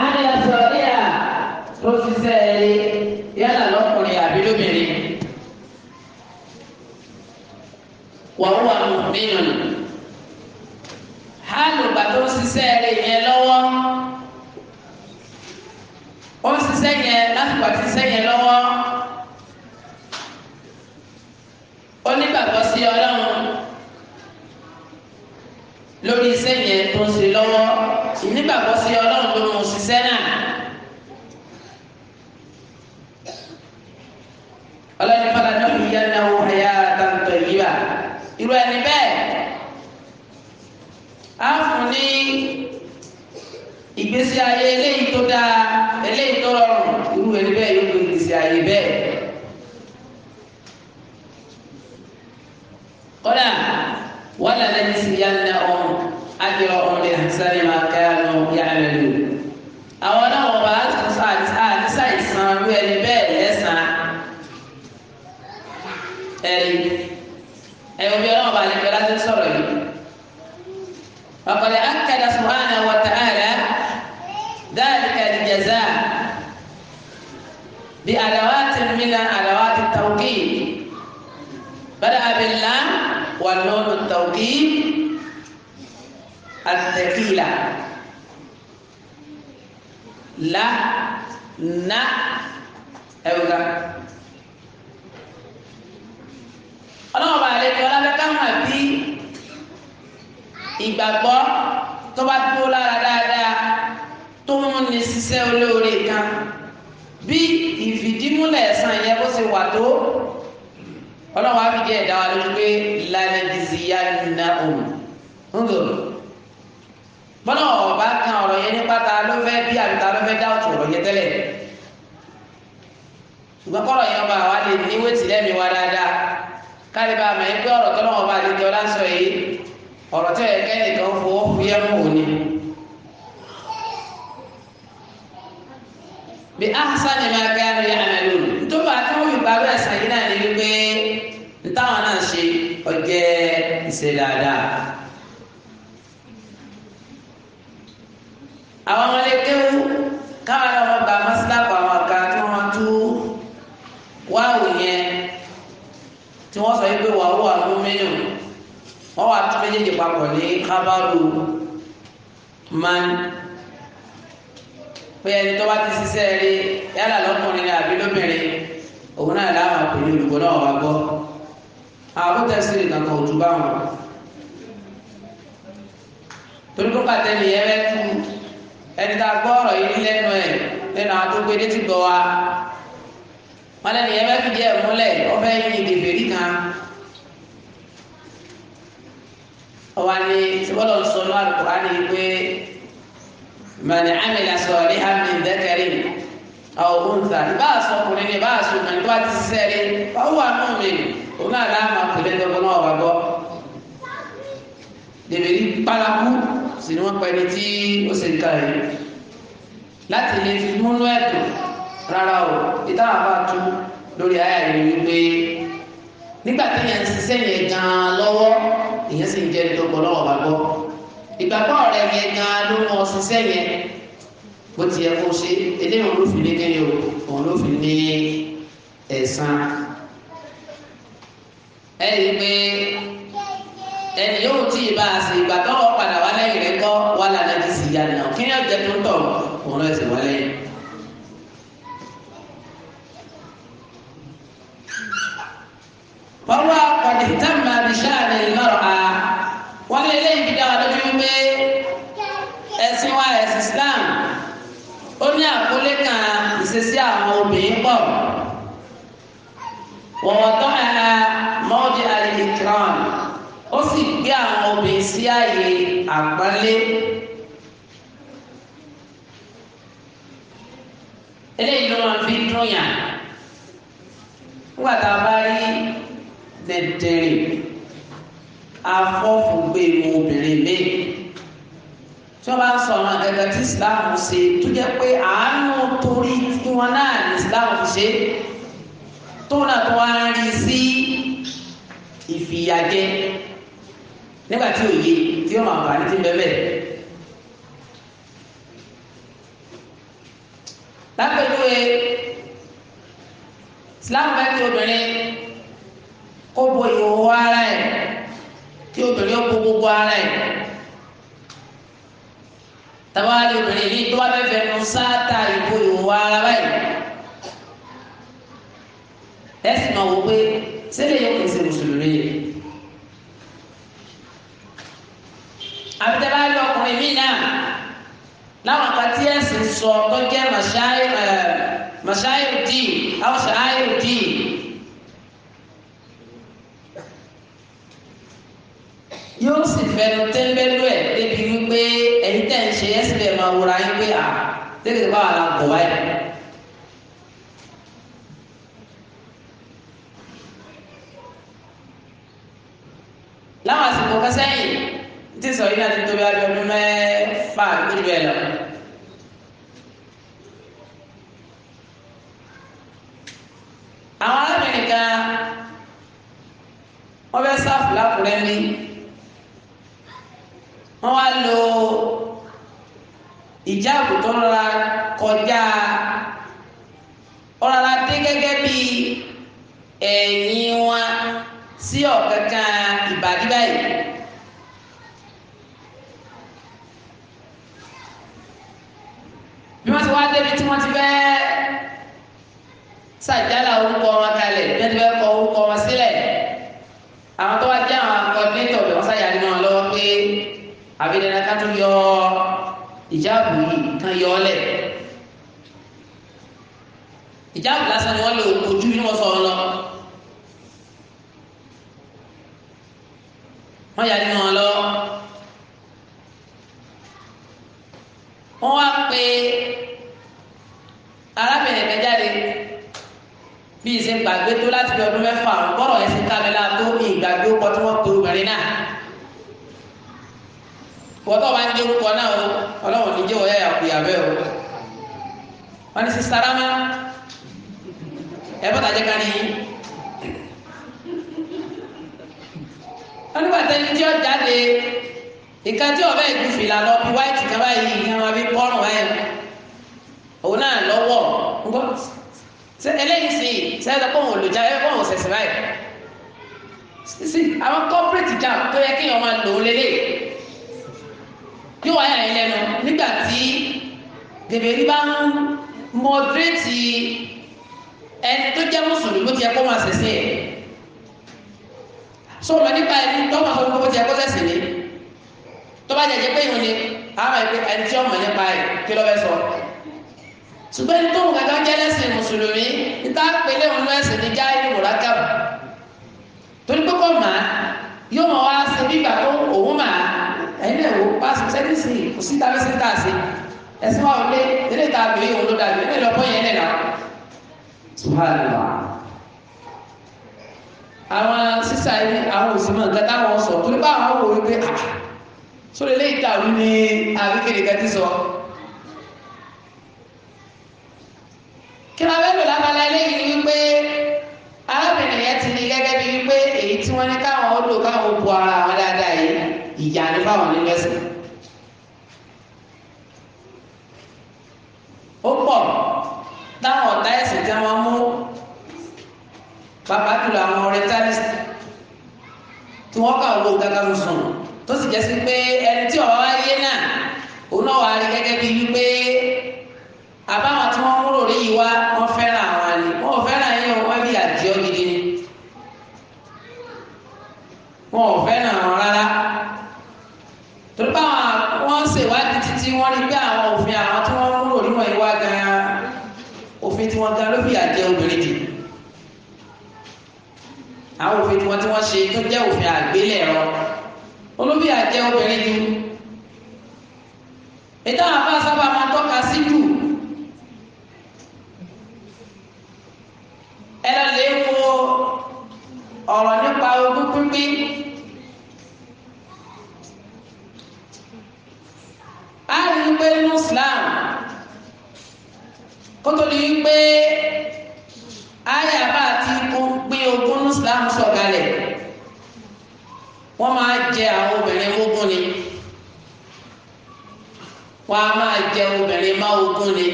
àyà sọ̀rí à tó ṣiṣẹ́ ẹ̀rí yálà lọ́kùnrin àbí lóbìnrin. wọ́n wà mùmínú. hálùbà tó ṣiṣẹ́ ẹ̀rí yẹn lọ́wọ́ ó ń ṣiṣẹ́ yẹn lásìkò àti ṣiṣẹ́ yẹn lọ́wọ́ lórí iṣẹ́ yẹn tó ń ṣe lọ́wọ́ ìnígbàgbọ́ sí ọlọ́run ló mú ṣiṣẹ́ náà. ọlọ́ni padà náà fi yára wo ẹ̀yà àtàntọ̀ yìí wà. irú ẹni bẹ́ẹ̀ á fún ní ìgbésí ayé eléyìí tó dáa eléyìí tó rọrùn irú ẹni bẹ́ẹ̀ yóò gbé ìgbésí ayé bẹ́ẹ̀. kódà wọ́n lálẹ́ sí yára náà ọ̀hún á jẹ́ ọ̀hún lè hàn máa. ذلك الجزاء بأدوات من أدوات التوكيد بدأ بالله والنون التوكيد الثقيلة لا نا ẹwùká أنا bá lè fi ọlọ́fẹ́ káwọn bí ìgbàgbọ́ tó bá dúró tó ń ní ṣiṣẹ́ olóore kan bí ìfìdímúlẹ̀ ẹ̀san yẹn bó ṣe wà tó ọlọ́wọ́ àfijẹ́ ẹ̀dá wa lójú pé lánàdìsíyá nínú um. òun ńgò bọ́lá ọ̀bá kan ọ̀rọ̀ yẹn nípa ta ló fẹ́ bí àbíta ló fẹ́ dá òtù ọ̀rọ̀ yẹn tẹ́lẹ̀ ṣùgbọ́n kọ́rọ̀ yẹn ọba àwa lè ní wéètì lẹ́mìí wa dáadáa káàdì bá a mọ̀ ẹ́ pé ọ̀rọ̀ tọ́lọ́wọ́ bá a lè yìí ọ̀rọ̀ tẹ́ ẹ̀kẹ́ bí ahasani máa gáàrí àmàlù nítorí àtàwọn ìbáwí àṣà yìí náà ní wípé nítawọn náà ṣe ọjẹ ìṣe dáadáa. àwọn ọmọlẹ́kẹ́wò káwọn náà wọ́n gba mọ́sílápù àwọn àga tí wọ́n tú wáwù yẹn tí wọ́n sọ wípé wàá wù àwọn mẹ́nu wọ́n wà tó méjèèjì papọ̀ ní kábàrù man pé ẹni tó bá ti ṣiṣẹ́ rí yálà lọ́kùnrin àbí lóbìnrin òun náà láwọn àpèlè olùkọ́ náà wà gbọ́ àwọn tẹ̀sílì kankan ò tún bá wọn torí kó pàtẹ́ nìyẹn rẹ́ fún ẹni tá a gbọ́ ọ̀rọ̀ yìí lẹ́nu ẹ̀ lẹ́nu àwọn tó gbọ́ wa wọn lẹ́nu yẹn fẹ́ fìdí múlẹ̀ ọbẹ̀ yìí ìdìbò èrí kan ọwọ́ ni tí wọ́n lọ sọ ní Al-Qur'ani mani amila salihan min dhakarin aw untha ìbáà sọ ọkùnrin ní ìbáà sọ ọkùnrin tó bá ti ṣiṣẹ́ rí ọwọ́ àánú mi òun náà láàmú àkùnrin tó gbọ́n ọ̀wà gbọ́ dèbèrè pálákú sì ni wọ́n pa ẹni tí ó ṣe nǹkan rẹ̀ láti lè fi múnú ẹ̀dùn rárá o ìtàn àbá tú lórí ayé rẹ̀ wípé nígbà téèyàn ti ṣiṣẹ́ yẹn gan-an lọ́wọ́ ìyẹn sì ń jẹ́ ẹni tó gbọ́ lọ́wọ́ bá gbọ́ ìgbàgbọ́ rẹ̀ yẹn gan-an ló mọ ṣiṣẹ́ yẹn bó ti yẹ kó ṣe eléyìí òun ló fi ní kéde o òun ló fi ní ẹ̀san ẹ rí i pé ẹni yóò tí ì bá a ṣe ìgbàgbọ́ wọn padà wá lẹ́yìn rẹ̀ kọ́ wà lálẹ́ ti sì yá nìyàwó kí ni ọ̀jẹ̀ tó ń tọ̀ òun lọ sí wá lẹ́yìn. ووضعها موضع الإكرام ó sì gbé àwọn obìnrin sí ààyè àpọ́nlé. eléyìí ló máa fi dùn yàn nígbà tá a bá rí dẹ̀dẹ̀rẹ̀ afọ́fùgbé mu obìnrin mi tí wọ́n bá ń sọ ọ̀ràn gẹ́gẹ́ tí Islam ṣe tó jẹ́ pé àánú torí tiwọn náà ni Islam ṣe tóun náà tó wá rí sí ìfìyàjẹ nígbà tí òye tí ó máa bà ní ti bẹ́ẹ̀ lápẹjúwe islam bá ti obìnrin kó bo ìhòòhò ara ẹ̀ kí obìnrin ó bo gbogbo ara ẹ̀ tàbá lè obìnrin yìí tó bá fẹ́ fẹ́ nu sáátà ìbò ìhòòhò ara báyìí ẹ sì máa wò pé sílẹ̀ yóò kèsè mùsùlùmí yìí. àbítẹ́bá rí ọkùnrin míì náà láwọn kan tí ẹ sì sọ tó jẹ́ màṣáírù díì àwọn ṣáírù díì. yóò sì fẹnu tẹ́ńbẹ́lú ẹ̀ débi wípé ẹ̀yin tẹ̀ ń ṣe ẹ́ sì bẹ̀ máa wúra yín pé à débi tí báwa la gbọ̀ láwọn àsìkò kan sẹ́yìn tí sọ yìí náà ti tóbi abẹ ọdún mẹ́fà nílùú ẹ̀ lọ. àwọn arábìnrin kan wọ́n fẹ́ sáfù lákùrẹ́ ní wọ́n wá lo ìjáàbù tó rọra kọjá ọ̀rọ̀ la dé gẹ́gẹ́ bí ẹ̀yìn wọn sí ọ̀kankan ìbàdí báyìí. bí wọ́n ti wá débi tí wọ́n ti fẹ́ sàjálà orúkọ wọn kalẹ̀ bí wọ́n ti fẹ́ kọ orúkọ wọn sílẹ̀ àwọn tó wá jẹ́ àwọn kọ́dínétọ̀ bẹ̀ wọ́n sàyàrí wọn lọ́wọ́ pé àbídẹ́nà ká tún yọ ìjáàbù yìí kan yọ ọ́ lẹ̀ ìjáàbù lásán ni wọ́n lè ojú inú wọn sọ wọ́n yà nínú wọn lọ. wọ́n wá pé arábìnrin kan jáde bí ìṣe gbàgbé tó láti fi ọdún mẹ́fà bọ́rọ̀ ẹ̀ sí kámẹ́lá tó ìgbàgbé ó kọ́ tí wọ́n pe obìnrin náà. wọ́tọ̀ wá ń jẹ́ orúkọ náà o ní jẹ́ wọ́yà ìyàbẹ́ o. wọ́n ní sísáramá ẹ̀ bọ́tà jẹ́ ká nìyí. wọ́n nígbà tẹ́ni tí ó jáde nǹkan tí ọ̀bẹ ìlú fìlà lọ bí wáìtì kan báyìí nǹkan wọn bí pọ́ọ̀rùn báyìí òun náà lọ́wọ́ ńgbọ́ eléyìí sì sẹ́yìn kó òun lòjá ẹ kó òun sẹ̀sẹ̀ báyìí sísì àwọn corporate jam tó yẹ kéèyàn máa lò ó lélẹ̀ yóò wáyà yẹn lẹ́nu nígbà tí bèbèrè bá ń mọdírètì ẹni tó jẹ́ mùsùlùmí tó ti yẹ kó máa sẹ̀sẹ̀ yẹn so ma nípa ẹni tó ma fọ gbogbo tiẹ kó sẹsì ni tó bá jẹjẹ pé ìhun ni àmà ẹni ẹni tí ó mọ nípa ẹ kí ló fẹ́ sọ ṣùgbọ́n ẹni tó ń kankan jẹ́ lẹ́sìn mùsùlùmí níta pélé òun lẹ́sìn ní já ìlú mùrákàbù torí pé kò mà á yóò mọ wá sí bí ìgbà tó òun mà á ẹ̀yin lè wo sẹ́ni sí kò sí tàbí sí tà ẹ̀sìn wa ò lé eléyìí tàbí òun ló dàbí eléyìí lọ́pọ̀ yẹn lẹ̀ subhanallah àwọn sísá yìí àwọn òsì mọ̀ nǹkan táwọn sọ torí bá àwọn wò wípé à sórí ilé ìdàrú ni àríkèrè kan ti sọ. kí la bẹ́ẹ̀ lò lábala eléyìí ni wípé arábìnrin yẹn ti ní gẹ́gẹ́ bí wípé èyí tí wọ́n ní káwọn ó lò káwọn ó bu ara àwọn dáadáa yìí ìyá ní fáwọn nínú ẹ̀sìn. ó pọ̀ táwọn ọ̀tá ẹ̀sìn tí wọ́n mú pàápàá jùlọ àwọn orientalist tí wọ́n kà wọ́n gàgàrú sùn tó sì jẹ́ sí pé ẹni tí ọ̀wá wáyé náà òun náà wà á rí gẹ́gẹ́ bíi wípé àbáwọn. até o período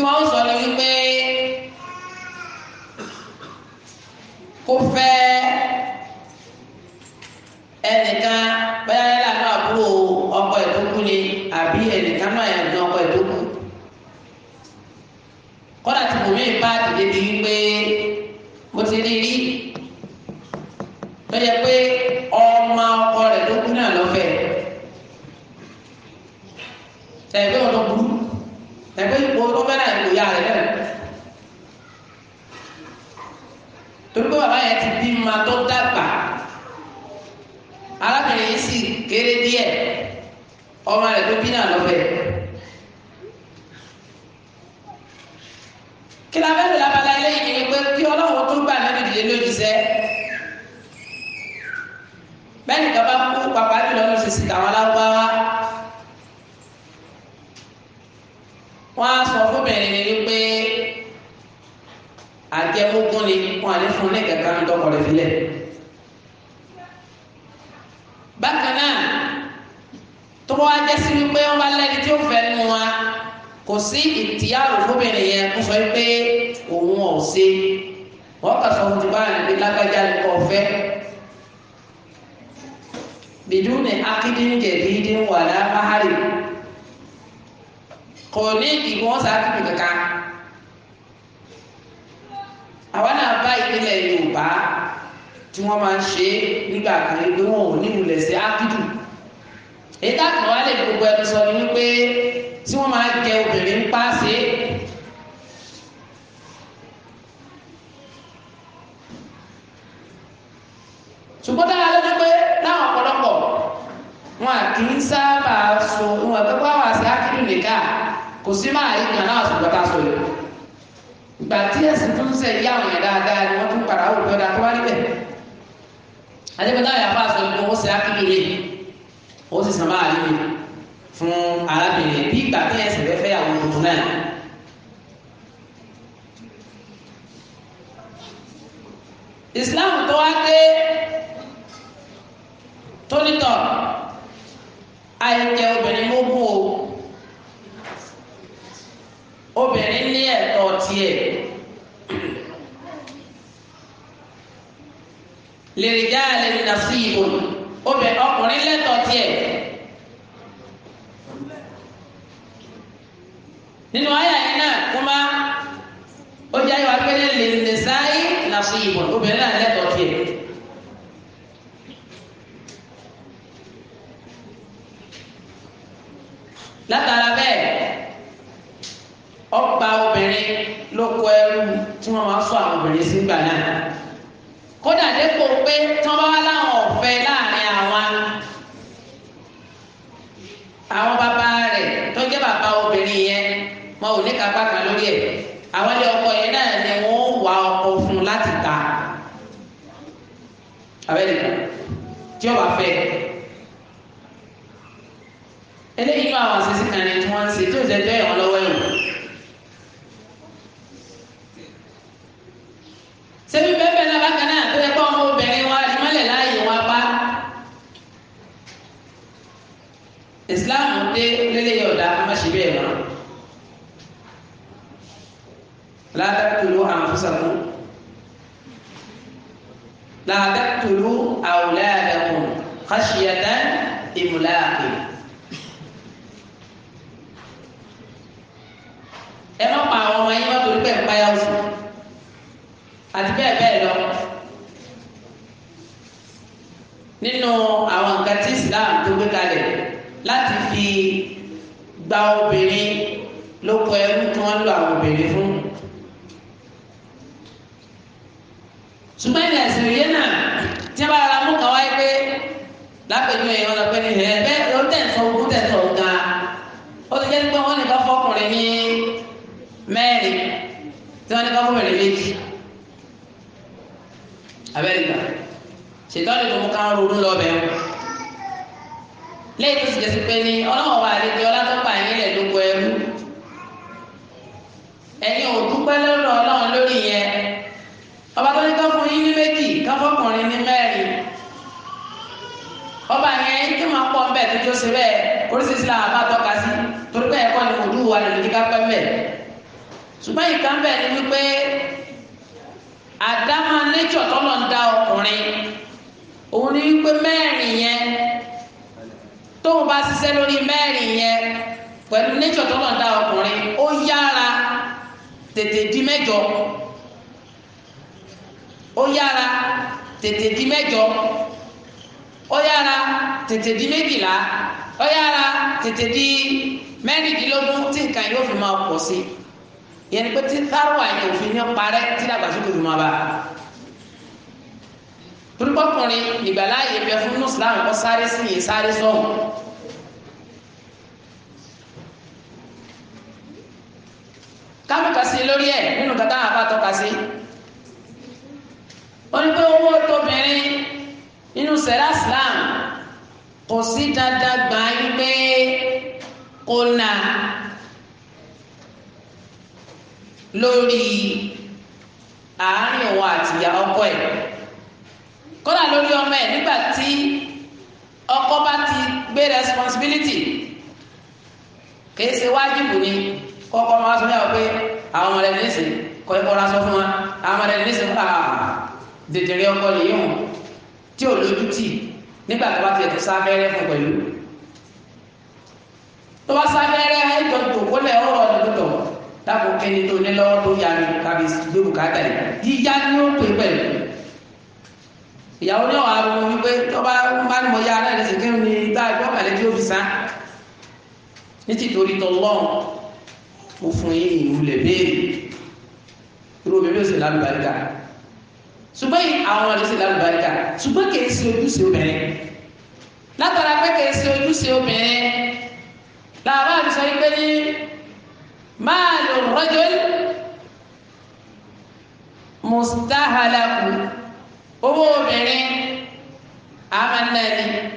um aos kó wá jẹ́ sí wípé wọ́n bá lẹ́ni tí ó fẹ́ nu wa kò sí ìtìyàwó fóbìnrin yẹn ń sọ pé òun ò ṣe wọ́n kà sọ fún ti bá àlè lágbájá ní kò fẹ́ bìdúnì akíndíńjẹ dídín wà lábáhárì kò ní ìgbọ́n sáàkìbì kankan àwa náà bá ìpínlẹ̀ Yorùbá tí wọ́n máa ń ṣe nígbà kan pé wọn ò ní ìrùlẹ̀ sí ákídù. ètò àkàwá lè gbogbo ẹnu sọ ni wípé tí wọ́n máa jẹ obìnrin ń sí ṣùgbọ́n dára lójú pé láwọn ọ̀pọ̀lọpọ̀ wọn so wọn àgbẹ̀ wà akíndùn nìkà kò sí máa rí ìgbà náà ṣùgbọ́n ká yìí. ìgbà tí ẹ̀sìn tó ń sẹ̀ àwọn yẹn dáadáa ni wọ́n tún padà wò ó sì san báà níbi fún arábìnrin bí ìgbà tí ẹsẹ̀ fẹ́ fẹ́ àwọn tuntun náà. Islam tó wá dé tónítọ̀ àìjẹ obìnrin lógún o obìnrin ní ẹ̀tọ́ tiẹ̀. lèrè jáde ní nasíbò obìnrin ọkùnrin lẹ́tọ̀ọ́ tiẹ̀. nínú àyà yìí náà kúmá ó jẹ́ àyọ̀ akẹ́lẹ́ lè lè sáyé làṣọ ìbọn obìnrin náà lẹ́tọ̀ọ́ tiẹ̀. látara bẹ́ẹ̀ ọ̀pá obìnrin ló kọ ẹrú tí wọ́n máa fọ àwọn obìnrin sígbà náà kódà dépò pé tí wọ́n bá wá láwọn ọ̀fẹ́ láàrin wa àwọn bàbá rẹ̀ tó jẹ́ bàbá obìnrin yẹn wọn ò ní kápá kan lórí ẹ̀ àwọn ilé ọkọ yẹn náà ni wọ́n wá ọkọ fún láti ta abẹ́rẹ́ kan tí ó bá fẹ́ eléyìí máa wà sísí kan ní tí wọ́n ń ṣe tó ìṣẹ́jọ́ ẹ̀wọ̀n lọ́wọ́ ẹ̀wọ̀n. sẹ́mi bẹ́ẹ̀ islam dé lélẹ́yìí ọ̀dà amáṣe bẹ́ẹ̀ mọ́ látàkùlù àǹfọ̀sàkùn látàkùlù àwòlẹ́àdàkùn kàṣíyàtà ìmùláàkì. ẹ má pa àwọn ọmọ yín má torí pé ń pa yà fún àti bẹ́ẹ̀ bẹ́ẹ̀ lọ nínú àwọn nǹkan tí islam tó gbé kalẹ̀ láti fi gba obìnrin lóko ẹrú tí wọ́n lo àwọn obìnrin fún. ṣùgbọ́n ìrìn àìsàn òye náà tí wọ́n bá ara mú kàn wáyé pé lápẹ̀jú ẹ̀yìn wọn lọ pé ní ẹ̀ bẹ́ẹ̀ ló tẹ̀ sọ ogún tẹ̀ sọ ga ó ti jẹ́ pé wọ́n ní ká fọkùnrin ní mẹ́rin tí wọ́n ní ká fọkùnrin méjì abẹ́rẹ́ gbà ṣètò àlejò mú ká ronú lọ bẹ́ẹ̀ lẹ́yìn tó ti jẹ́ sí pé ní ọlọ́wọ́n bá àlejò ọlátọ́pà yín rẹ̀ ló wọ ẹrú ẹ̀yin ò dúpẹ́ lọ́dọ̀ ọlọ́run lórí yẹn ọba tó ní kọ́ fún yín ní méjì kọ́ fọkùnrin ní mẹ́rin ọba yẹn kí máa pọ̀ ń bẹ̀ tó tó ṣe bẹ́ẹ̀ oríṣiríṣi làwọn bá tọ́ka sí torí pé ẹ̀kọ́ ni kò dùn wà lórí kíkà pẹ́ mẹ́ ṣùgbọ́n ìka ń bẹ̀ ni wípé àdámọ́ tọ́lọ́ ń dá ọkùnrin òun ni wípé mẹ́rin yẹn tóun bá ṣiṣẹ́ lórí mẹ́rin yẹn pẹ̀lú nature tọ́lọ̀ ń dá ọkùnrin ó yára tètè di mẹ́jọ ó yára tètè di mẹ́jọ ó yára tètè di méjìlá ó yára tètè di mẹ́rìndínlógún tí nǹkan yóò fi máa pọ̀ sí yẹn ni pé tí táwọn àyẹ̀wò fi ní parẹ́ tí dàgbàsókè fi máa bá turubọkùnrin ìgbàláyè bẹ fún mùsùlùmí kó sáré sí yìí sáré sọhùn. kámúkà sí lórí ẹ nínú kàtà àbátọ kà sí. ó ní pé owó tóbìnrin nínú sẹ́rà islam kò sí dandan gbà pé kó na lórí àárín òun àtìyá ọkọ ẹ̀ kódà lórí ọmọ ẹ̀ nígbà tí ọkọ bá ti gbé responsibility kìí ṣe wájìbù ni kọ́kọ́ máa sọ yàrá pé àwọn ọmọ rẹ̀ ní ìsìn kọ́ ẹ̀kọ́ ra sọ fún wa àwọn ọmọ rẹ̀ ní ìsìn fún ah, dèdèrè ọkọ lè yíwọ̀n tí ò lójú tì nígbà tó bá tiẹ̀ tó sábẹ́rẹ́ fún pẹ̀lú tó bá sábẹ́rẹ́ ẹ̀jọ̀ tó kó lẹ̀ ọ̀rọ̀ ọ̀dọ̀dọ̀ dábò kẹ́ni tó ní lọ́wọ́ tó yára tàbí gbé bùkátà yìí yíyá ni ó pè pẹ̀lú ìyàwó ní ọ̀hà ló wí pé tó bá bá ní mo yá ara rẹ̀ sìnkú ni tá a gbọ́ kàlẹ́ tí ó fi sá ní ti torí tọlọ́n mo fún yín ìwúlẹ̀ béèrè irú omi bí ó sì lálùbáríkà ṣùgbọ́n àwọn ọ̀dọ́ sì lálùbáríkà ṣùgbọ́n kì í ojúṣe obìnrin látara pé kì í ojúṣe obìnrin làwọn àdìsọ yìí pé ní máa lò rọ́jò mùsítáhàlàkù owó obìnrin a máa ń náà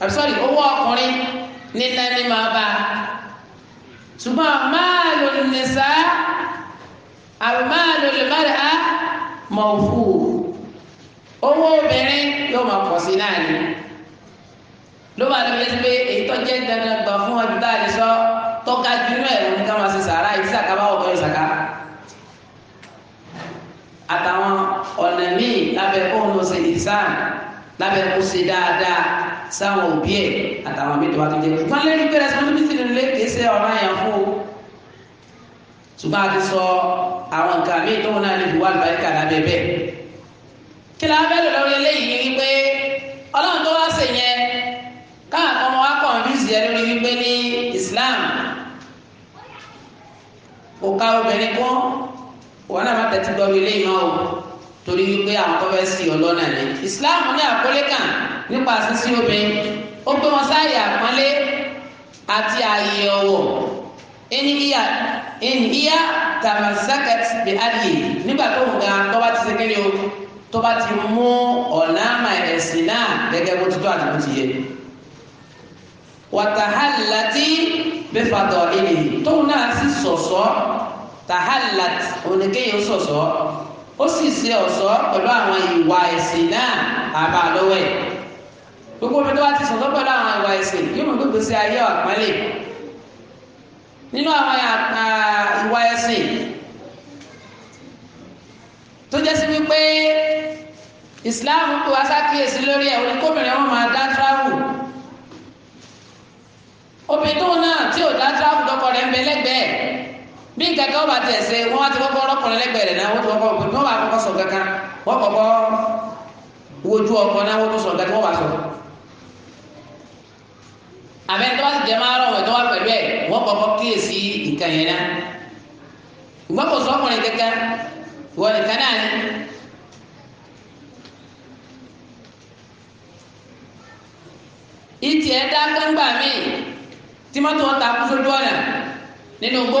I'm sorry owó ọkùnrin ní náà ní máa bá a ṣùgbọ́n máàlù nìṣá àbùmáàlù lèmọ́rẹ̀ á mọ̀ fún o owó obìnrin yóò máa pọ̀ sí náà ní ló máa lọ létí pé èyí tó jẹ́ dandan gbà fún ọdún tá a lè sọ tọ́ka jù ẹ̀rọ ní ká máa ṣe sàárà ìdí sàkábáwọ̀ kan ìsàkábà àtàwọn ọ̀nà míì lábẹ́ kóun ló ṣe ìsáàn lábẹ́ kó ṣe dáadáa sáwọn òbí ẹ̀ àtàwọn míì tó wá tó jẹ́ ṣùgbọ́n lẹ́yìn pé responsibility ló lé kìí ṣe ọ̀rọ̀ àyàn fún o ṣùgbọ́n a ti sọ àwọn nǹkan míì tóun náà lè fi wá àlùbáríkà lábẹ́ bẹ́ẹ̀ kí la bẹ́ẹ̀ lọ lórí eléyìí ni pé ọlọ́run tó wá ṣe yẹn káà ọmọ wa kàn bí ìsìyẹ lórí wípé ní Islam kò ká obìnrin kún wọn náà má tẹ̀tí gbọ́ mi léyìn náà o torí wípé àwọn tó fẹ́ sí ọlọ́nà ni Islam ní àkọlé kan nípa sísí obìnrin ó gbé wọn sáàyè àpọ́nlé àti ààyè ọ̀wọ̀ ènìyà ènìyà tamasakat bi adìyẹ nígbà tó ń ga tó bá ti ṣe kéde o tó bá ti mú ọ̀nà àmà ẹ̀sìn náà gẹ́gẹ́ bó ti tó àti bó ti yẹ wàtàhálà tí bẹ́fàtọ̀ ènìyàn tóun náà sì sọ̀sọ́ tahalat oníkéyìn sọ̀sọ́ ó sì ṣe ọ̀ṣọ́ pẹ̀lú àwọn ìwà ẹ̀sìn náà àbá lọ́wọ́ ẹ̀ gbogbo omi tó wá ti sọ̀tọ̀ pẹ̀lú àwọn ìwà ẹ̀sìn yóò mú gbogbo sí ayé àpọ́nlé nínú àwọn ìwà ẹ̀sìn tó jẹ́ sí wípé ìsìláàmù tó wá sákìyèsí lórí ẹ̀ oníkóbìnrin wọn máa dá tíráàmù obìnrin tóun náà tí ò dá tíráàmù lọ́kọ rẹ̀ ń bẹ lẹ́gbẹ̀ẹ́ bí nǹkan kan bá tẹ̀ ṣe wọ́n wá ti kọ́kọ́ ọlọ́kùnrin lẹ́gbẹ̀ẹ́ rẹ̀ náà wọ́n ti kọ́kọ́ ọkùnrin wọ́n bá kọ́kọ́ sọ kankan wọ́n kọ́kọ́ wojú ọkọ náà wọ́n tún sọ nǹkan tí bá sọ. àmẹ́ tó bá ti jẹ́ máa rọ̀ wọ́n tó wá pẹ̀lú ẹ̀ wọ́n kọ́kọ́ kíyèsí nǹkan yẹn náà. ìgbọ́n kò sọ ọkùnrin kankan wọ́n nìkan náà ni. ìtì ẹ̀ dá gbẹ́ngbà míì tí mọ́tò wọn ta kú sójú ọ̀nà nínú gbó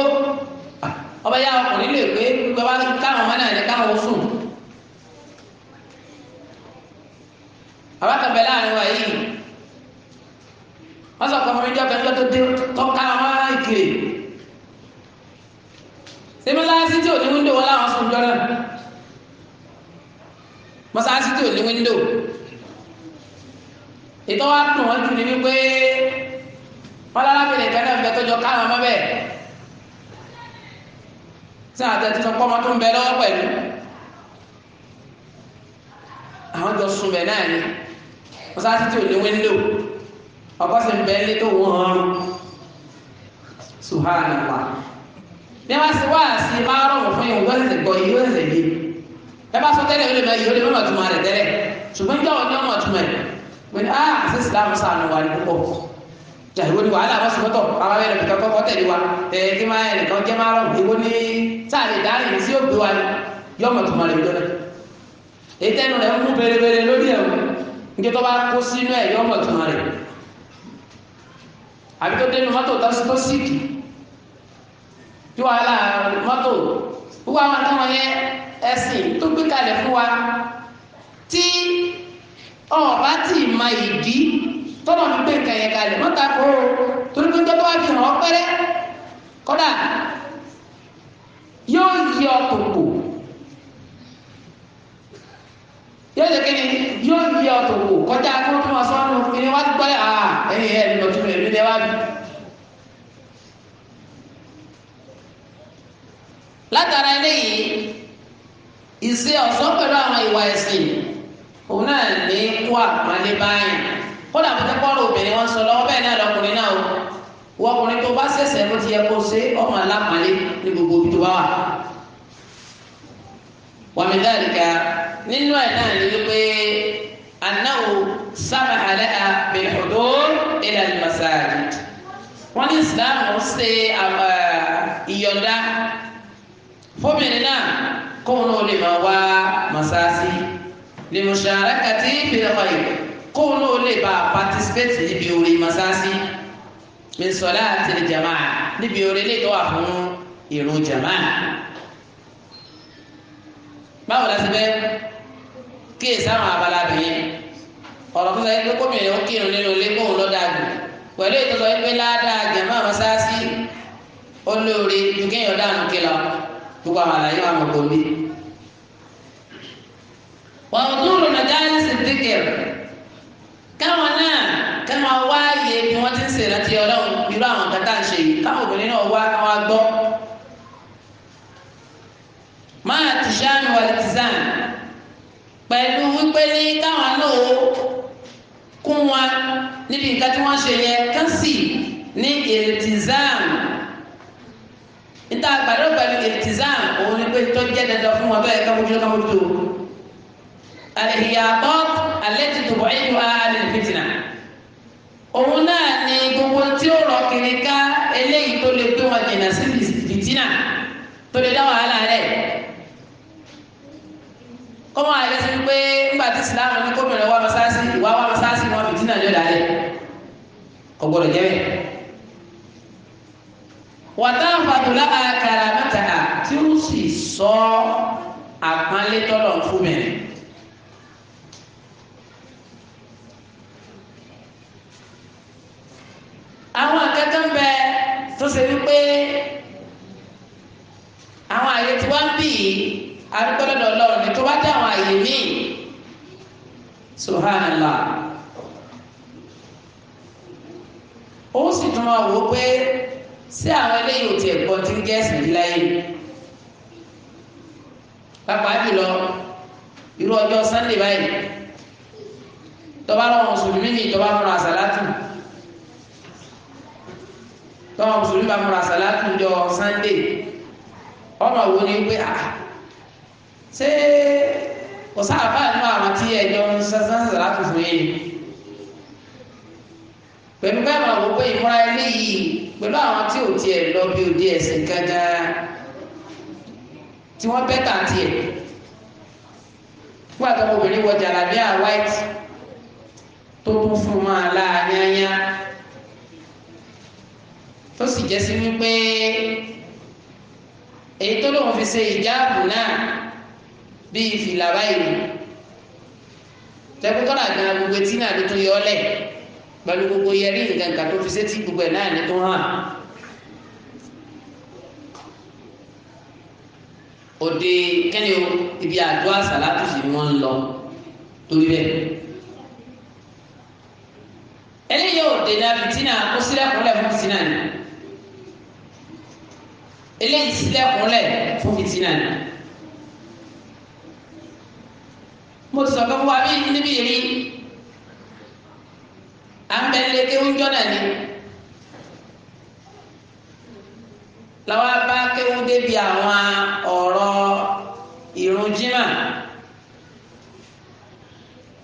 ọba yà ọkùnrin lè pé gbogbo wa káwọn ọmọ náà ní káwọn sùn àbákàbẹ láàrin wa yìí wọn sọ pé ọmọ mi jọ bẹ́ẹ̀ tó dé tó ká ọmọ ìkìlẹ sẹmi láàásì tí ò ní wíńdò wọn láwọn sùn jọ náà mọ́sáàsì tí ò ìtọ́wá dùn wọ́n jù ní wípé wọ́n lára bèrè ìkànnì ọ̀bẹ tó jọ káwọn ọmọ bẹ́ẹ̀ sáà tẹ̀sí sọ pọ́nmọ́ tó ń bẹ lọ́wọ́ pẹ̀lú àwọn jọ sùn bẹ̀ náà ni wọ́n sáà títí ò ní wíńdò ọkọ̀ sì ń bẹ ní tó wọ́n hàn sùhánà pa bí wọ́n sì wá sí máa rọrùn fún ìwọ́n sẹ̀sẹ̀ gbọ́ yìí wọ́n sẹ̀sẹ̀ yé ẹ bá sọ tẹ́lẹ̀ yóò lè mọ yìí ó lè mọ̀ tuma rẹ̀ tẹ́lẹ̀ ṣùgbọ́n jọ̀wọ́ ah, ni mọ̀ tuma rẹ̀ pé ah sí Islam sáà ni wà ní ìwọ eh, ni wàhálà wọn sì mọ́tọ̀ àwọn ẹ̀rọ nìkan kọ́kọ́ tẹ̀lé wa ẹ̀ kí máa ẹ̀rọ kan jẹ́ máa rọ̀ ìwọ ni sáàlì dárìn sí òbí wa yọmọ tó máa rẹ̀ jọ náà èyí tẹ́nu rẹ̀ ń mú bèrèbèrè lórí ẹ̀wọ̀n nígbà tó bá kó sínú ẹ̀ yọmọ tó máa rẹ̀ àbí tó dénú mọ́tò tó síìkì tí wàhálà mọ́tò wíwá wọn táwọn yẹ ẹ̀sìn tó gbé kalẹ̀ fún wa tí ọ̀ bá tì máa ì tọ́nà fi gbé nǹkan yẹn kalẹ̀ mọ́ta kó o torí pé tọ́tọ́ wá fi hàn ọ́ pẹ́rẹ́ kọ́dà yóò yí ọ tòkò yóò jẹ́ kí ni yóò yí ọ tòkò kọjá kó kí wọ́n sọ́nù kí ni wọ́n ti gbọ́lẹ̀ à ẹ̀yìn ẹ̀ lọ tún èmi lẹ́wà bí. látara eléyìí ìṣe ọ̀sán pẹ̀lú àwọn ìwà ẹ̀sìn òun náà ní kó àpọ́nlé báyìí kódà bí tẹ́kọ́rọ̀ obìnrin wọn sọ lọ́wọ́ bẹ́ẹ̀ náà lọkùnrin náà o wọ́n ọkùnrin tó bá ṣẹ̀ṣẹ̀ ló ti yẹ kó ṣe ọmọ alápàlẹ́ ní gbogbo ibi tó bá wà. wàmí dáríka nínú ẹ̀ náà ni wípé anáwó sábà alẹ́ a ilẹ̀ masáàjì wọ́n ní Islam ṣe ìyọ̀dá fóbìnrin náà kóun náà lè máa wá masáàsì lè mú ṣàrákàtì fil kó o náà lè bá a participate níbi orí masasi min salati al jamaa níbi orí lè tó wà fún ìrun jamaa báwo la ti bẹ kí èsì àwọn abala bẹ̀yẹn ọ̀rọ̀ tó sọ yẹ pé kómìnrin ó kírun nínú ilé kóun lọ́dà jù pẹ̀lú ìtọ́sọ yẹ pé ládàá jamaa masasi ó lóore ju kéèyàn dáhùn kí lọ gbogbo àwọn àlàyé wa mọ̀ gbòmí. wàá tó lò nàjà ẹ̀sìn dìkẹ̀rẹ̀ káwọn náà káwọn wá yẹ bí wọ́n ti ń ṣèrántí ọlọ́run irú àwọn kata ń ṣe yìí káwọn obìnrin náà wá káwọn gbọ́. máa ti ṣáàmì wà ti sàn pẹ̀lú wípé ní káwọn náà kún wa níbi nǹkan tí wọ́n ṣe yẹ kán sì ní ìrètìzáàmù níta àgbàdo pẹ̀lú ìrètìzáàmù òun ni pé tó jẹ́ dandan fún wọn bẹ́ẹ̀ kábójútó kábójútó alihiyatot alẹ́tì tó bọ̀ ẹ̀yìn wa alẹ́fìtìnà. òun náà ni gbogbo tí ó rọ kiri ká eléyìí tó lè tó wọn jìnnà sí fìtìnà tó lè dá wàhálà rẹ̀. kọ́mọ àyẹ̀sí pé ńgbà tí Islam ní kóbìnrin wa masáàsì ìwà wa masáàsì wọn fìtìnà ló dà lẹ̀ kò gbọdọ̀ jẹ́ bẹ́ẹ̀. wàtá fàdúrà àkàrà mẹ́ta tí ó sì sọ àpánlé fún mẹ́rin. àwọn akẹ́kọ̀ọ́ bẹ tó ṣe wípé àwọn àyè tí wọ́n ń bì í arúgbọ́lọ́dọ̀ ọlọ́run ni tó bá dé àwọn àyè míì subhanallah ó sì tún máa wò ó pé sí àwọn eléyìí ò tiẹ̀ gbọ́ tí ń gẹ̀ẹ́sì yìí láyé pàápàá jùlọ irú ọjọ́ sunday báyìí tọ́ba lọ́wọ́ mùsùlùmí ni ìjọba fúnra sàlátù. tọ́wọ́ mùsùlùmí bá múra sàlátù jọ sànńdé ọmọ wo ni pé à ah, ṣé kò sáàfà nínú àwọn tí ẹjọ ń sàṣán sàlátù fún yín pẹ̀lú bá máa wọ pé ìmúra ilé yìí pẹ̀lú àwọn tí ò tiẹ̀ lọ bí òdi ẹ̀sìn gángan tí wọ́n bẹ́tà tiẹ̀ wọ́n àtọ́kùnrin wọ jàlábíà white tó tún fún máa láàyányá. tó sì jẹ́ sí wípé èyí tó lóun fi ṣe ìjáàbù náà bíi fìlà báyìí tẹ́kọ̀ kọ́nà gan gbogbo etí náà ló tún yọ ọ́ lẹ̀ pẹ̀lú gbogbo yẹrí nǹkan kan tó fi ṣe tí gbogbo ẹ̀ náà ní tó hàn. òde kẹ́ni o ibi àdúrà sàlátù sì ni wọ́n ń lọ torí bẹ́ẹ̀. eléyìí òde náà fìtínà kó sílẹ̀ kúnlẹ̀ fún fìtínà ni eléyìí ti lẹ́kùnlẹ̀ fún fìtínà ni. mo sọ pé wà mí níbi yìí à ń bẹ lé kéwú jọ́nà ni làwọn bá kéwú débi àwọn ọ̀rọ̀ ìrun jimá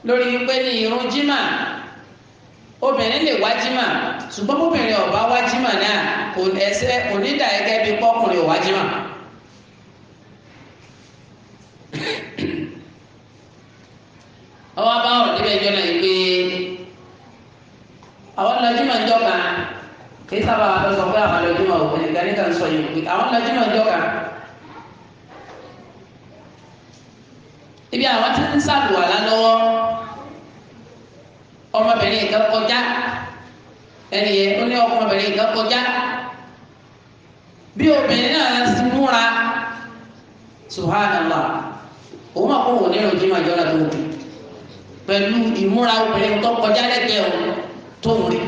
lórí pé ní ìrun jimá obìnrin lè wá jímà ṣùgbọ́n obìnrin ọ̀bá wá jímà náà kò ẹsẹ̀ kò ní dà gẹ́gẹ́ bí pọ́kùnrin ò wá jímà. ọwọ́ bá ọ̀rọ̀ níbẹ̀ jọ náà pé àwọn lọ́júmọ̀ ńjọ́ kan kì í sábà wà lọ sọ pé àwọn lọ́júmọ̀ ò ní gani kan sọ yìí pé àwọn lọ́júmọ̀ ńjọ́ kan. ibi àwọn ti ń sàlùwàlá lọ́wọ́ ọmọbìnrin kan kọjá ẹni yẹn ó ní ọmọbìnrin kan kọjá bí obìnrin náà ti múra subhanallah òun máa kó wò nínú jimá jọlá tó wù pẹ̀lú ìmúra obìnrin tó kọjá lẹ́gbẹ̀ẹ́ òun tó wù rí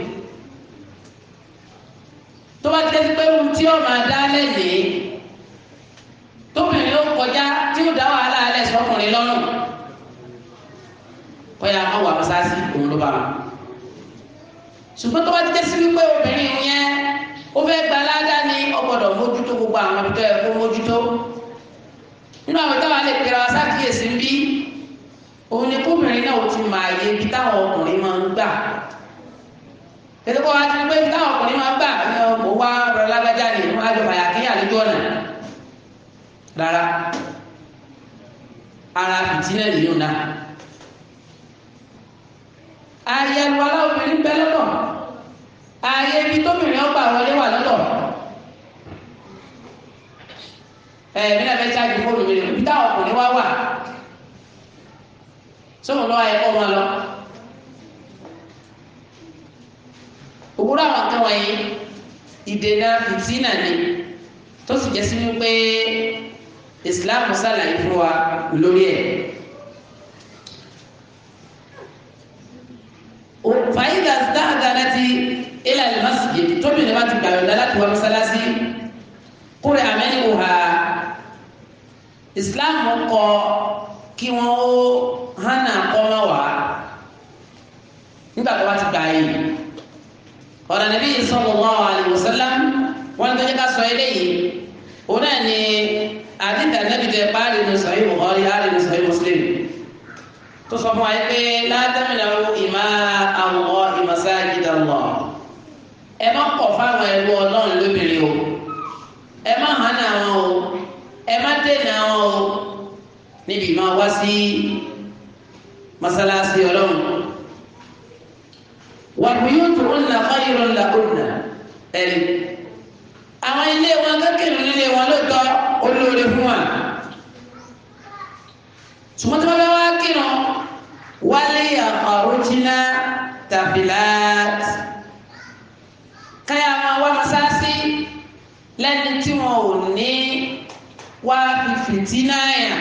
tó bá tẹ́sí pé ohun tí ọmọ adá lẹ́yìn tóbìnrin ló kọjá tí ó dá wàhálà alẹ́ sọkùnrin lọ́rùn kọ́yà má wà mọ́sáàsì òun ló bá wọn. ṣùgbọ́n tó bá ti tẹ́sí wípé obìnrin yẹn ó fẹ́ gba aládá ní ọgbọ́dọ̀ mójútó gbogbo àwọn ibi tó yẹ kó mójútó. nínú àwọn táwọn lè pèrè àwọn sákìyèsí ń bí òun ni kóbìnrin náà ó ti máa yé ibi táwọn ọkùnrin máa ń gbà. tètè wa ti pé ibi táwọn ọkùnrin máa ń gbà ni ọmọ wa rọ lágbájá ni wọn á jọ fàyà kíyà lójú ọ̀nà. rárá ara fìtínà nìyóò náà ààyè àlùwalá obìnrin bẹ lọ́dọ̀ ààyè ibi tóbìnrin ọgbà wọlé wà lọ́dọ̀ ẹ mi náà fẹ́ ṣáàjì fóònù mi níbi táwọn ọkùnrin wá wà sóhun lọ́wọ́ ẹ̀kọ́ wọn lọ. òwúrọ̀ àwọn kan wọ̀nyí ìdènà fìtínà ni tó sì jẹ́ sínú pé ìsìláàmù sàlàyé fún wa lórí ẹ̀. fàyídà dáadáa láti ilà ìmásìkè tóbi ní wàá ti gbàgbé dá láti wá mọ́sálásí kúrẹ́ àmẹ́ni wò ha islam kọ kí wọ́n ó hánà kọ́mọ́ wá nígbà tó wá ti gbà yìí ọ̀rọ̀ nàbí sallallahu alaihi wasallam wọn tó yẹ ká sọ eléyìí òun náà ni àdìtà nàbìtẹ̀ bá ní sọ̀rọ̀ ìmọ̀ ọ̀rẹ́ ní sọ̀rọ̀ ìmọ̀ tó sọ fún wa yìí pé látàmìnàwó ìmá àwọ̀ ìmọ̀sáàgídà lọ. ẹ má kọ̀ fáwọn ẹrú ọlọ́run lóbìnrin o ẹ má hànà wọn o ẹ má dènà wọn o níbi ìmọ̀ wá sí masalasi ọlọ́run. wàbíyóòtù ńlá fáyọrọ ńlá ọ̀nà ẹ̀rí. àwọn ilé wọn kékeré nílé wọn ló tọ́ olóore fún wa. sùmọ́tò bá wá wálé àkọrùjìnà tàbílàt káyà máa wá masáàsì lẹ́ni tí wọn ò ní wá fìfìtì náà yàn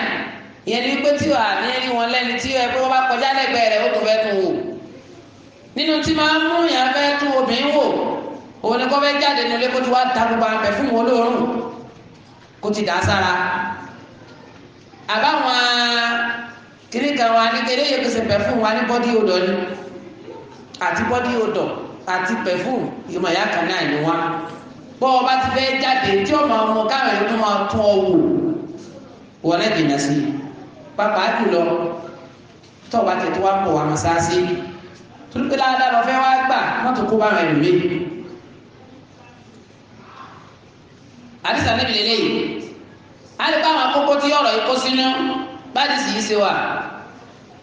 ìyẹn ní pé tí wàá ní rí wọn lẹ́ni tí ẹ pé wọn bá kọjá lẹ́gbẹ̀ẹ́ rẹ̀ ó tún fẹ́ tún wò nínú tí máa ń mú yàn fẹ́ tún obìnrin wò òun ni kò fẹ́ jáde nílé kó ti wá ta gbogbo àpẹ fún ìwọ lóorùn kó ti dà á sára àbáwọn kiri kan wa ni eléyìí pèsè pẹfúm wa ní bọ́dí odò ni àti bọ́dí odò àti pẹfúm ìmọ̀ ìyá kan náà ni wá bọ́ ọba ti fẹ́ jáde tí ó máa mú káwọn ẹni tó máa tún ọ wò wọlé dènà sí pápá jùlọ tọ́wọ́ àti tó wá pọ̀ wà mọ́sáàsì torí pé dáadáa lọ fẹ́ wá gbà wọ́n tún kó báwọn ẹ̀rù méjì. àdìsá níbi lélẹ́yìn á lè bá àwọn akókó tí ọ̀rọ̀ yìí kó sínú bá dìsí yìí ṣe wà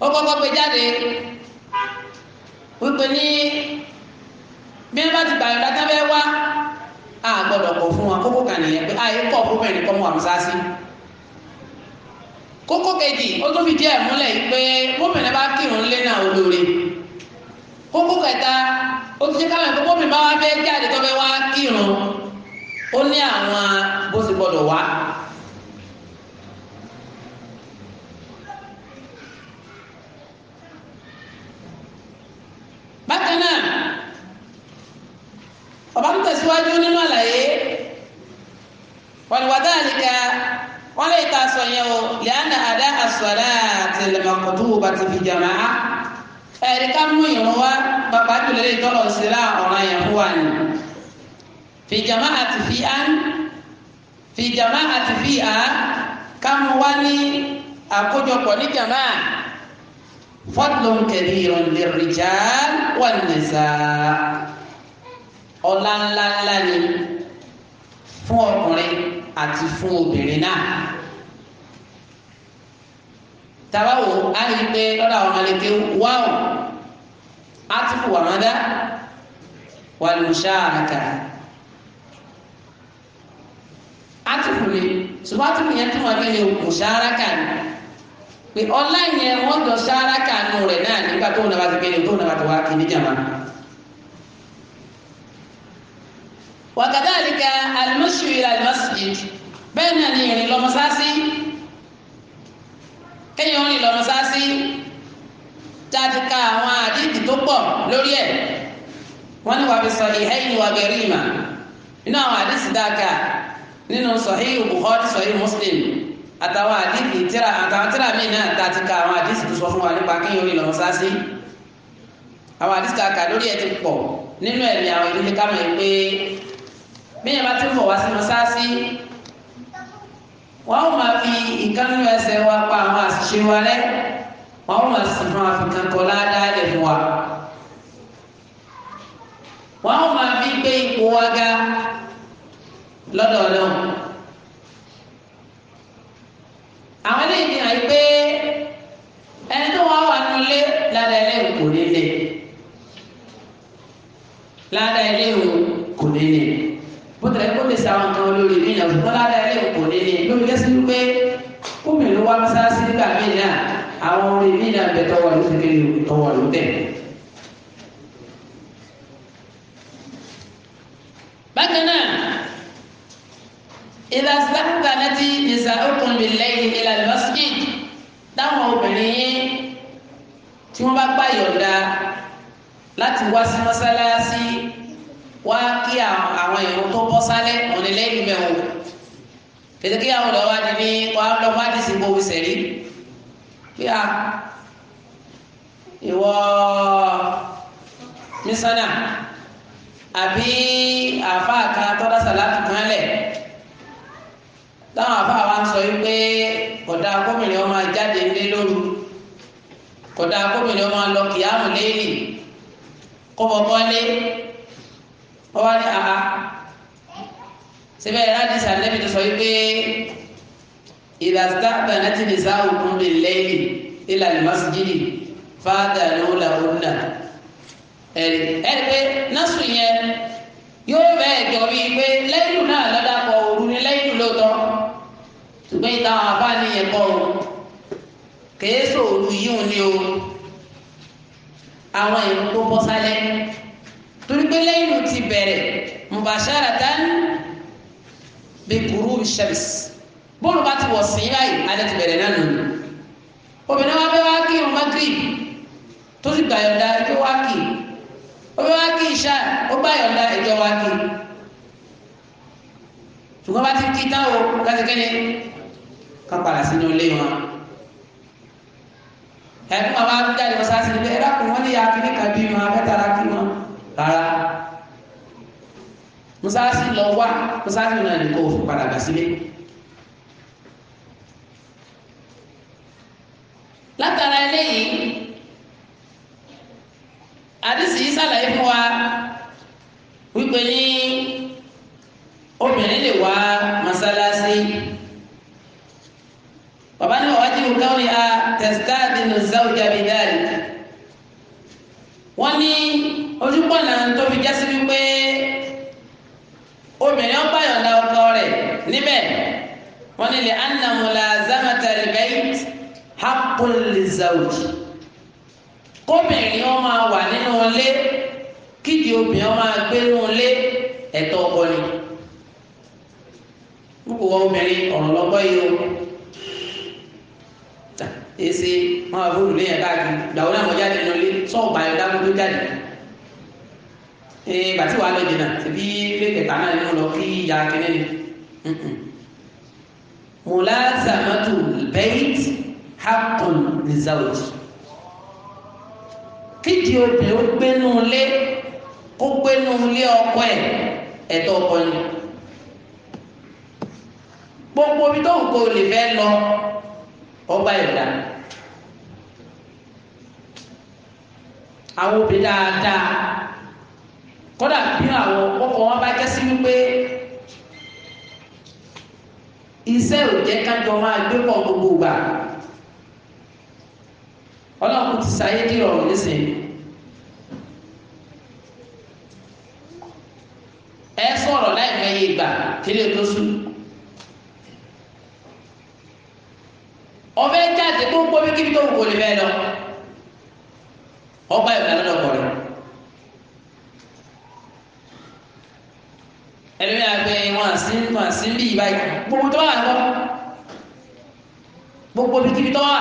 ó kọ́kọ́ gbé jáde wípé ní bí wọ́n bá ti gbàyàn dáadáa bẹ́ẹ̀ wá a gbọ́dọ̀ kọ̀ fún wa kókó kan nìyẹn pé àyè kọ̀ fún bẹ́ẹ̀ nìkan mú àmúsá sí kókó kejì ó tún fi díẹ̀ múlẹ̀ pé bómìnira bá kírun lé náà olóore kókó kẹta ó ti jẹ́ káwọn ẹ̀kọ́ bómìnira bá wá bẹ́ẹ̀ jáde tó bẹ́ẹ̀ wá kírun ó ní àwọn bó ti gbọ́dọ̀ wá. bákan náà bàbá ń tẹ̀síwájú nínú àlàyé wàlúwàdá àlìkà wọn lè ta aṣọ yẹn o lẹ́yìn àdá àṣọ̀rá àti ìlẹ̀mọ̀kọ̀tù wò bá ti fi jàmá ẹ̀rí ká mú ìrún wá bàbá jùlọ lè tọ́lọ̀ sí ọ̀ràn yẹn fún wa ni fi jàmá àti fi á fi jàmá àti fi á ká mú wá ní àkójọpọ̀ ní jàmá. فضل kabirun للرجال والنساء nisa ọlá ńlá ńlá ni fún ọkùnrin àti fún obìnrin náà tabawo a yi pé lọ́dọ̀ àwọn ọmọlẹ́kẹ́ wáwò á ti kú wàmọ́dá wàlùmùsáàràkà ni ṣùgbọ́n yẹn tó wà kẹ́lẹ́ òkùnsáàràkà ni pé ọlá yẹn wọ́n jọ sáárá kànú rẹ̀ náà nígbà tó nàbà ti kéde tó nàbà ti wá kéde jàmá. wa kadhalika al-mashu ila al-masjid bẹ́ẹ̀ náà ni ìrìn lọ́mọsáàsì kéèyàn rìn lọ́mọsáàsì jáde àwọn àdìdì tó pọ̀ lórí ẹ̀ wọ́n ní wàá fi sọ ìhẹ́yìn wàá bẹ̀rẹ̀ ìmà nínú àwọn àdìsí dáka nínú Sahih Bukhari Sahih Muslim àtàwọn àdìsí tíra àtàwọn tíra míì náà ta ti ka àwọn àdìsí tó sọ fún wa nípa kéèyàn orí lọ́wọ́ sáásí àwọn àdìsí kàkà lórí ẹ̀ ti pọ̀ nínú ẹ̀mí àwọn ìdílé ká mọ̀ ẹ́ pé bíyẹn bá ti ń bọ̀ wá sí mọ́sáásí wọ́n máa fi ìkànnì ẹsẹ̀ wa pa àwọn àṣìṣe wa rẹ́ wọ́n máa sì máa fi kankan ládàá lè fún wa wọ́n máa fi gbé ipò wa ga lọ́dọ̀ ọlọ́run àwọn eléyìí fi hàn yí pé ẹni tó wọ́n wà nínú ilé lára ẹlẹ́yìn kò lè lè lára ẹlẹ́yìn kò lè lè bó tẹ̀lé kó lè sàwọn nǹkan olórí mi yàn fún lára ẹlẹ́yìn kò lè lè lórí kẹ́sì wípé kó mi ló wá mọ́sálásí nígbà míì náà àwọn orin míì náà bẹ tọwọ́ ló ti kéde tọwọ́ ló tẹ̀. nìsa okùn lè lẹ́yìn ilà lọ́sídìd táwọn obìnrin yín tí wọ́n bá gbà yọ̀ǹda láti wá sí mọ́sálásí wá kí àwọn èèyàn tó bọ́ sálẹ̀ òní lẹ́yìn mẹ́wò tètè kí àwọn ọ̀dọ́ wá di ní wàá lọ wá di sí gbowó sẹ̀rí kí a ìwọ mísánà àbí àfa kan tọ́lá sàlátù kan lẹ̀ táwọn afáà wa ń sọ yìí pé kódà kọ́mìnrin ọmọ ajáde ńlẹ́ lóru kódà kọ́mìnrin ọmọ lọ kìámù léèlì kọ́bọ̀kọ́lé wọ́n wá ní àhá síbẹ̀ láti sàlẹ́bí ti sọ yìí pé ìdásítà bẹ̀rẹ̀ ti ní sáà òkun bẹ̀ lẹ́yìn ilà lùmásíjìdì fáadà lóla ònà ẹ̀rí ẹ̀rí pé násù yẹn yóò bẹ́ẹ̀ jọ bíi pé lẹ́yìn náà lọ́dà kọ òru ni lẹ́yìn lóòótọ́ ṣùgbọ́n ìtawọ̀ àbá ní ẹ̀kọ́ o kèésò òru yíhun ni o àwọn ìlú tó bọ́ sálẹ̀ torí pé lẹ́yìn ti bẹ̀rẹ̀ mubasharatan bi ghurubi shams bóòlù bá ti wọ̀ sí báyìí alẹ́ ti bẹ̀rẹ̀ náà nù obìnrin wa bẹ́ wá kí irun magrib tó sì gbà yọ̀ǹda ẹjọ́ wá kì ó bẹ́ wá kí ìṣá ó gbà yọ̀ǹda ẹjọ́ wá kì ṣùgbọ́n bá ti kí táwọn kásìkẹ́ni ká padà sínú ilé wọn. ẹ̀dùn àwọn abújáde wọn sáà sí ilé ẹ̀dá kò wọ́n ní ya kíní kan bí wọn abẹ́tara kí wọn rárá. musaasi lọ wá musaasi náà ní kó o fún padà gbà sílé. látara eléyìí àdìsí sàlàyé fún wa wípé ní obìnrin lè wá masalasi bàbá ní ọ̀wájú káwọn ya tẹ̀sítàdínù záwùjá bíi dáàrí wọ́n ní ojúpọ̀nà tó fi jásí wípé obìnrin ọgbà yọ̀ǹda ọkọ rẹ̀ níbẹ̀ wọ́n ní lè anamula zamata libait hapun lizawuji kóbìnrin wọn máa wà nínú ilé kídi obìnrin wọn máa gbé nínú ilé ẹ̀tọ́ ọkọ ni gbogbo wọn obìnrin ọ̀rọ̀ lọ́gbọ́ yìí o èsì wọn bá fóònù lẹ́yìn káàkiri gbàwọ́ náà mọ̀ jáde nínú ilé sọ́ọ̀bà ẹ̀ dákú tó jáde ee eh, bàtí wàá lọ jìnnà tẹbi ilé kẹta náà nínú lọ kí ìyá kẹne ni mùlá sàmàtù bẹ́ẹ̀t hàkùn nìzàwòjì kídìí obìnrin ó gbénú lé ó gbénú lé ọkọ ẹ ẹ̀tọ́ ọkọ ni gbogbo omi tó ń kó lè fẹ́ lọ ọgbà ìdá. àwọn obìnrin dáadáa kódà bí àwọn ọkọ wọn bá jẹ́ sí wípé iṣẹ́ ò jẹ́ kájọ máa gbé pọ̀ gbogbo gbà ọlọ́run ti sáyé dìrọ̀ nísìnyí. ẹ sọ̀rọ̀ láì mẹ́yẹ ìgbà kílẹ̀ tó sùn. ọbẹ̀ jáde tó ń gbọ́ bí kíbi tó ń wọlé bẹ́ẹ̀ lọ ọba ìgbà lọ́dọ̀ kọ̀ rẹ̀. ẹlẹ́mi àgbẹ̀ wọn àsín wọn àsín bí ìbá gbogbo tó wà lọ gbogbo bíkíbi tó wà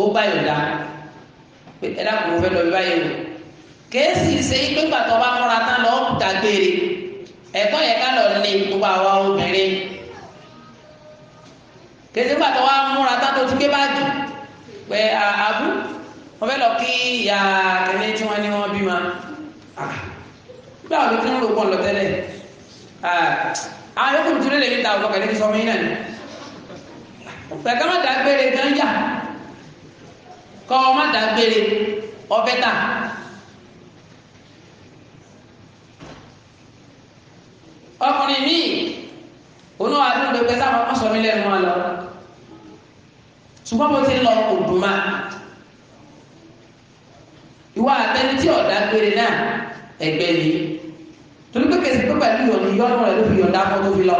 ó bá yọ̀dá pé ẹ dákun fẹ́ lọ bí báyìí o kèésì ṣe pé pàtó bá múra tán lọ dàgbére ẹ̀kọ́ yẹn ká lọ ní gbogbo àwa obìnrin kèésì pàtó wá múra tán tó ti gbé bá pé àbú wọn fẹ́ lọ kí ìyá kẹ́lẹ́ tí wọ́n ní wọ́n bí ma gbà wọn kí wọ́n lò pọ̀ lọ́tẹ́lẹ̀ àwọn yòókù tún lè mi ta ọ̀pọ̀ kẹ́lẹ́ fi sọ mí náà ni pẹ̀ ká má dàgbére gan yà kọ́ ọ má dàgbére ọbẹ̀ tà. ọkùnrin míì onú àdúgbò pẹ́ sáwọn ọmọ sọ mí lẹ́nu wọn lọ ṣùgbọ́n mo ti lọ òdùmá ìwà àtẹni tí ọ̀dà gbére náà ẹgbẹ́ ni torí pé kèsì pé pẹ̀lú ìyọ̀nù ìyọ̀nù rẹ̀ ló fi yọ̀ǹda fún tó fi lọ.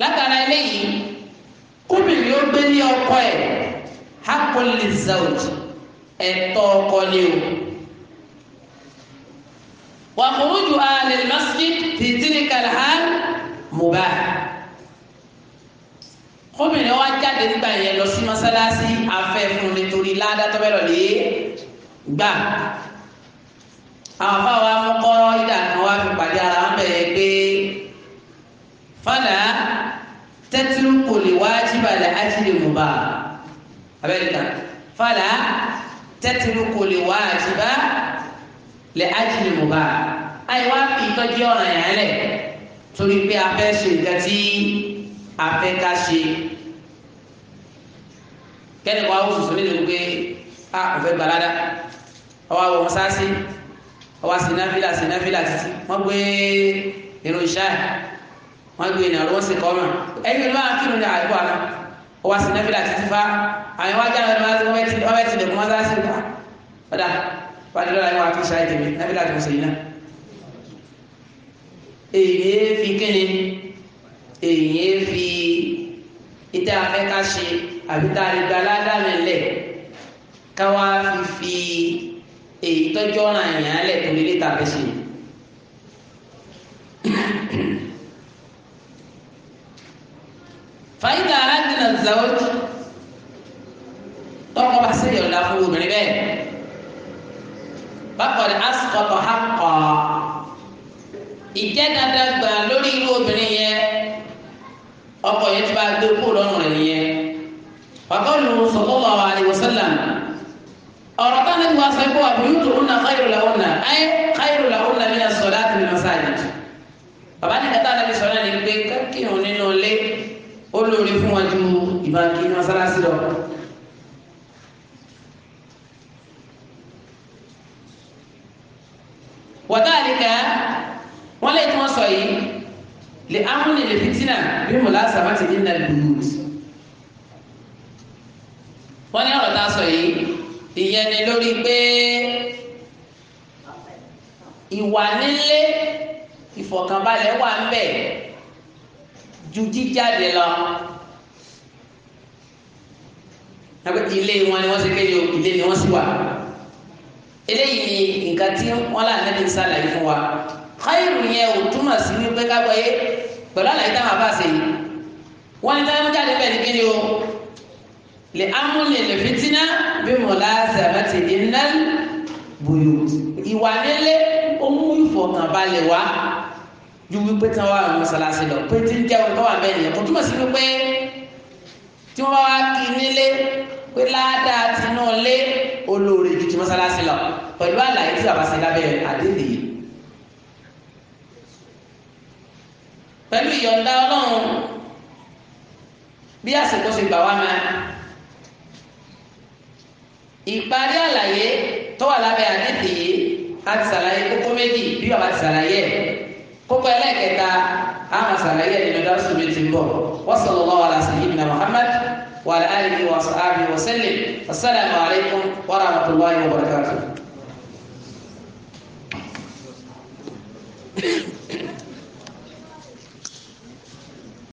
látara eléyìí kóbìnrin ó gbé ní ọkọ ẹ̀ hákòlì zaut ẹ̀tọ́ ọkọ ni o. wàhùrù ju alẹ́ lọ́sí tìtìrì kàlhán mùbá kómìnrin wa jáde nígbà yẹn lọ sí mọ́sálásí afẹ́fún nítorí ládàtọ́bẹ̀ lọ́lẹ́ gbà àwọn afáwa mọ́kọ́rọ́ ìdáná wa fi pàdé ara wọn bẹ̀rẹ̀ pé fọlá tẹ́tírú kò lè wá jíbalẹ̀ ájílẹ̀ mùbá abẹ́rẹ́ta fọlá tẹ́tírú kò lè wá jíbalẹ̀ ájílẹ̀ mùbá àyè wá fi ìtọ́jú ọ̀ràn yẹn lẹ̀ torí pé a ṣe nǹkan afẹ́ká ah, ṣe kẹ́ni kọ́ àwọn sùsùn nílò pé a kò fẹ́ gbalada ọwọ́ àwọn ọmọ sáásì ọwọ́ sinafila sinafila títí wọ́n gbé irun iṣẹ́ wọ́n gbé ìnáwó wọ́n sì kọ́ ọmọ ẹ̀yìn ìlú àwọn kírun ní àgbọ̀ àná ọwọ́ sinafila títí fa àwọn iwájú àwọn ọmọ sáásì wọ́n bẹ tilẹ̀ kọ́ wọ́n sáásì gbà padà padà lọ́la yóò wá kí ṣáà tèmi náfìlà tó ń sèyí náà èyí fi kéde èyí fi fẹ́ ká ṣe àbí tá a lè gba aládàáni lẹ̀ káwá fífi èyí tọ́jú ọ̀ràn yẹn lẹ̀ tó nílé tàbí ṣe. fàyídà aládìnà zàwọ́tì tọ́kọ bá ṣe yọ̀ǹda fún obìnrin bẹ́ẹ̀ bákan ní asukọ̀tọ̀ ha kọ̀ ìjẹ́ dandan gbà lórí irú obìnrin yẹn ọkọ yẹn ti pé wà buyutu hunna khairu lahunna ayé khairu lahunna mina salati min masajid bàbá ní kẹta alábi sọ̀rọ̀ ní pé kékeré nínú ilé ó lórí fún wọn ju ìbánkì mọ́sálásí lọ. wàdáàlíkà wọn lè tí wọn sọ yìí lè amúni lè fitinà bí mo lásàmá ti dín náà lùlù wọn ní ọ̀rọ̀ tá a ìyẹn ni lórí pé ìwà nílé ìfọ̀kànbalẹ̀ wà ń bẹ̀ ju jíjáde lọ ilé wọn ni wọ́n ṣe kéde ilé ni wọ́n sì wà eléyìí ni nǹkan tí wọ́n là nẹ́bí ń ṣàlàyé fún wa káyọ̀rù yẹn ò túmọ̀ sí wípé ká gbọ́ yé pẹ̀lú àlàyé táwọn àbá ṣe yìí wọ́n ní táwọn jáde bẹ́ẹ̀ ni kéde o. Le amúlẹ̀ lè fitinà bí mo láàṣà láti iná bòyò ìwà nílé ó mú ìfọ̀kànbalẹ̀ wá ju wípé tí wọn wà ní mọ́sálásí lọ pé tí ń jẹ́ òun tó wà bẹ́ẹ̀ nìyẹn kò túmọ̀ sí wípé tí wọn bá wá kí nílé pé ládàá tinú lé olóore ju ti mọ́sálásí lọ pẹ̀lú àlàyé tí bàbá ṣe lábẹ́ àdéhùn yìí. pẹ̀lú ìyọ̀ǹda ọlọ́run bí àsìkò ṣe gbà wá máa ìparí àlàyé tó wà lábẹ́ àdìtì yìí láti ṣàlàyé kókó méjì bí bàbá ti ṣàlàyé ẹ̀ kókó ẹlẹ́ẹ̀kẹta àwọn ṣàlàyé ẹ̀ nínú dárúsù mi ti ń bọ̀ wa sallallahu ala Muhammad wa ala wa sahbihi wa sallim assalamu alaikum wa rahmatullahi wa barakatuh.